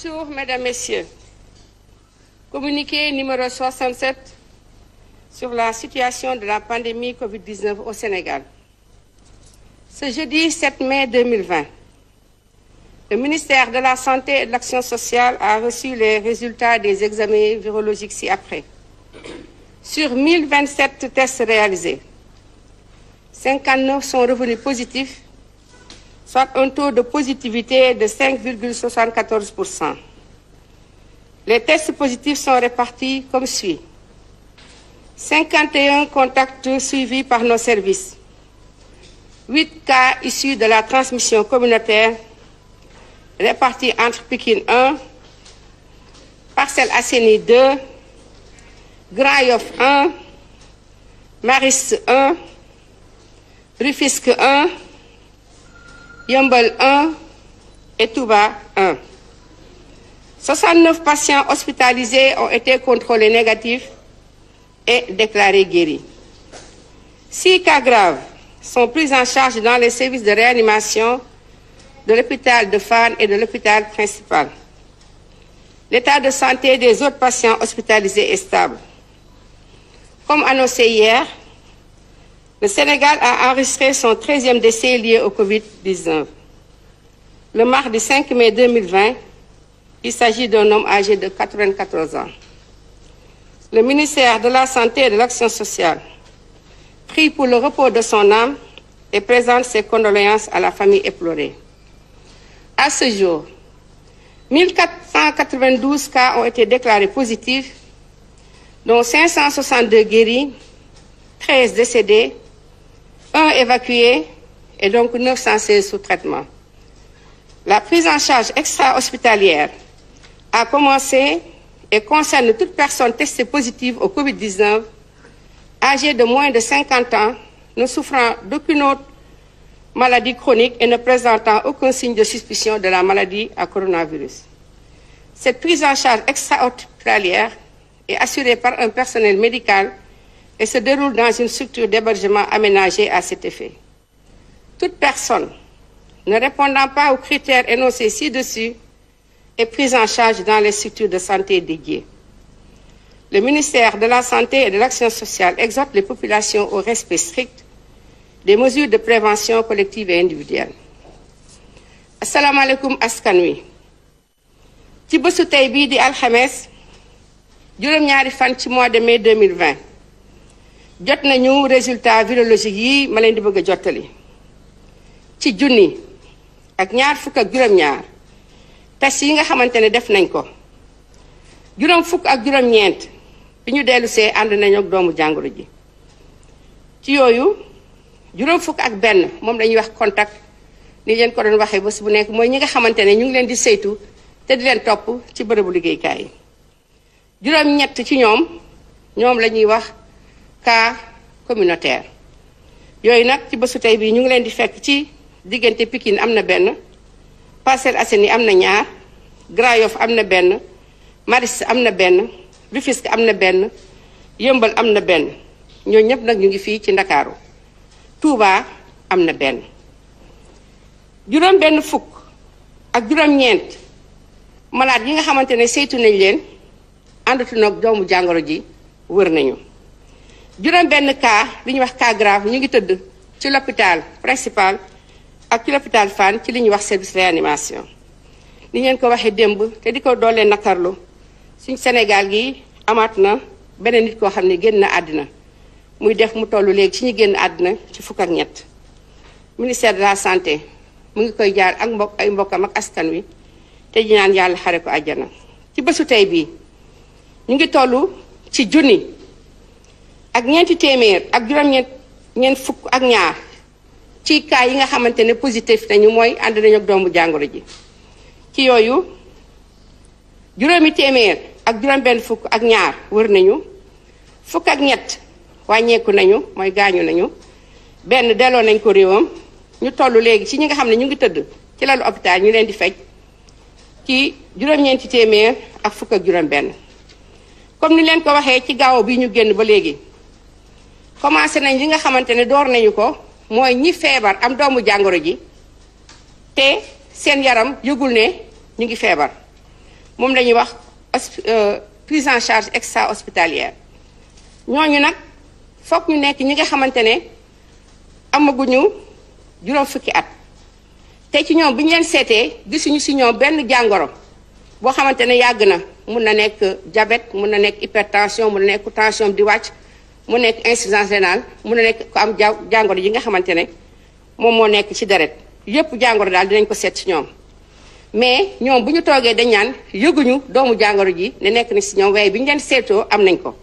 Bonjour, Mesdames, Messieurs. Communiqué numéro 67 sur la situation de la pandémie COVID-19 au Sénégal. Ce jeudi 7 mai 2020, le ministère de la Santé et de l'Action sociale a reçu les résultats des examens virologiques ci-après. Sur 1027 tests réalisés, 59 sont revenus positifs soit un taux de positivité de 5,74 pour cent. Les tests positifs sont répartis comme suit. 51 contacts suivis par nos services. huit cas issus de la transmission communautaire répartis entre Pikine 1, Parcelles Assainies 2, Grand Yoff 1, Maristes 1, Rufisque 1 Yeumbeul 1 et Touba 1. 69 patients hospitalisés ont et déclarés guéris. Six cas graves sont en charge dans les services de réanimation de l'hôpital de Fann et de l'hôpital principal. L'état des autres patients hospitalisés est Comme annoncé Le Sénégal a enregistré son 13e décès lié au Covid-19. Le mardi 5 mai 2020, il s'agit d'un homme âgé de 94 ans. Le ministère de la Santé et de l'Action de son et présente ses condoléances à la famille éplorée. À ce jour, 1492 cas ont été déclarés positifs, dont 562 guéris, 13 décédés évacués et donc 916 sous traitement. La prise en charge extra-hospitalière a commencé et concerne toute personne testée positive au Covid-19, âgée de moins de 50 ans, ne souffrant d'aucune autre maladie chronique et présentant aucun signe de de la maladie à coronavirus. Cette prise en charge extra-hospitalière par un personnel et se déroule dans une structure d'hébergement aménagée à cet effet. Toute personne ne répondant pas aux critères énoncés ci-dessus est prise en charge dans les structures de santé dédiées. Le ministère de la Santé et de l'Action sociale exhorte les populations au respect strict des mesures de prévention collective et individuelle. asalaamaaleykum askan wi. ci bésu tey bii di alxames juróom-ñaari fan ci mois de mai 2020 jot nañu résultat virologique yi ma leen di bëgg a jottali ci junni ak ñaar fukk ak juróom-ñaar test yi nga xamante ne def nañ ko juróom fukk ak juróom-ñeent bi ñu dellu see ànd nañu ak doomu jàngoro ji ci yooyu juróom fukk ak benn moom lañuy wax contact ni leen ko doon waxee bés bu nekk mooy ñi nga xamante ne ñu ngi leen di saytu te di leen topp ci bërëbu liggéeykaay yi juróom-ñett ci ñoom ñoom la ñuy wax cas communautaire yooyu nag ci bésu tey bii ñu ngi leen di fekk ci diggante Pikine am na benn Parcelles Assainies am na ñaar Grand Yoff am na benn maris am na benn Rufisque am na benn Yëmbal am na benn ñoo ñëpp nag ñu ngi fii ci Ndakaaru Touba am na benn juróom benn fukk ak juróom-ñeent malade yi nga xamante ne saytu nañ leen àndatu nag doomu jàngoro ji wër nañu juróom benn cas li ñuy wax cas ñu ngi tëdd ci l'hôpital principal ak ci l'hôpital Fann ci li ñuy wax service réanimation ni ngeen ko waxee démb te di ko doolee nakarlu suñ senegal gi amaat na beneen nit koo xam ne génn na àddina muy def mu tollu léegi ci ñu génn àddina ci fukk ak ñett ministère de la santé mu ngi koy jaar ak mbokk ay mbokkam ak askan wi te ñaan yàlla xare ko àjjana ci bésu tey bii ñu ngi toll ci junni ak ñeenti téeméer ak juróom-ñeent ñeent fukk ak ñaar ci cas yi nga xamante ne positif nañu mooy ànd nañu ak doomu jàngoro ji ci yooyu juróomi téeméer ak juróom-benn fukk ak ñaar wër nañu fukk ak ñett wàññeeku nañu mooy gaañu nañu benn delloo nañ ko réewam ñu toll léegi ci ñi nga xam ne ñu ngi tëdd ci lalu hôpital ñu leen di faj ci juróom-ñeenti téeméer ak fukk ak juróom-benn comme ni leen ko waxee ci gaaw bi ñu génn ba léegi. commencé nañ li nga xamante ne door nañu ko mooy ñi feebar am doomu jàngoro ji te seen yaram yëgul ne ñu ngi feebar moom la ñuy wax euh, prise en charge extra hospitalière ñooñu nag foog ñu nekk ñi nga xamante ne amaguñu juróom fukki at te ci ñoom bi ñu leen seetee gisuñu si ñoom benn jàngoro boo xamante ne yàgg na mun na nekk diabète mun na nekk hypertension mun na nekk tension di wàcc mu nekk insuffisance rénale mu nekk ko am ja jàngoro ji nga xamante ne moom moo nekk ci deret yépp jàngoro daal dinañ ko seet ci ñoom mais ñoom bu ñu toogee dañ naan yëguñu doomu jàngoro ji ne nekk na si ñoom waaye bi ñu leen seetoo am nañ ko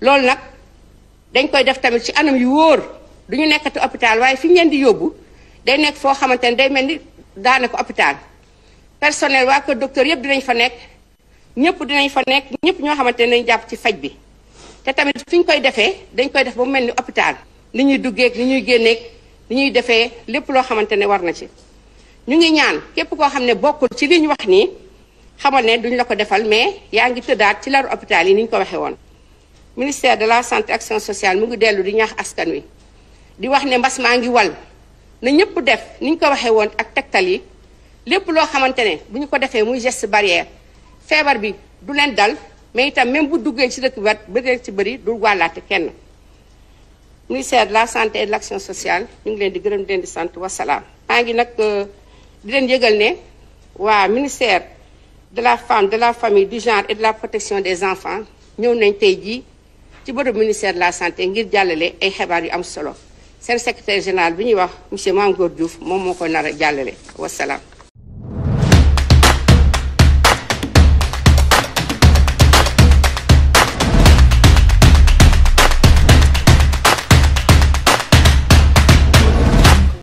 loolu nag dañ koy def tamit ci anam yu wóor du ñu nekkati hôpital waaye fi ñu leen di yóbbu day nekk foo xamante ne day mel ni daanaka hôpital personnel waa kër docteur yëpp dinañ fa nekk ñëpp dinañ fa nekk ñëpp ñoo xamante ne dañ jàpp ci faj bi te tamit fi ñu koy defee dañ koy def ba mu mel ni hôpital ni ñuy duggeeg ni ñuy génneeg ni ñuy defee lépp loo xamante ne war na ci ñu ngi ñaan képp koo xam ne bokkul ci li ñu wax nii xamal ne duñ la ko defal mais yaa ngi tëddaat ci laru hôpital yi ni ñu ko waxee woon ministère de la santé action sociale mu ngi dellu di ñaax askan wi di wax ne mbas maa ngi wal na ñëpp def ni ñu ko waxee woon ak tegtal yi lépp loo xamante ne bu ñu ko defee muy geste barrière feebar bi du leen dal mais itam même bu duggee ci dëkk bi wat ci bëri du wàllaate kenn ministère de la santé et de l'action sociale ñu ngi leen di gërëm di leen di sant wasalaam maa ngi nag euh, di leen yëgal ne waa ministère de la femme de la famille du genre et de la protection des enfants ñëw nañ tey jii ci bërëb ministère de la santé ngir jàllale ay xibaar yu am solo seen secrétaire général bi ñuy wax monsieur Mame Diouf moom moo ko nara a jàllale wasalaam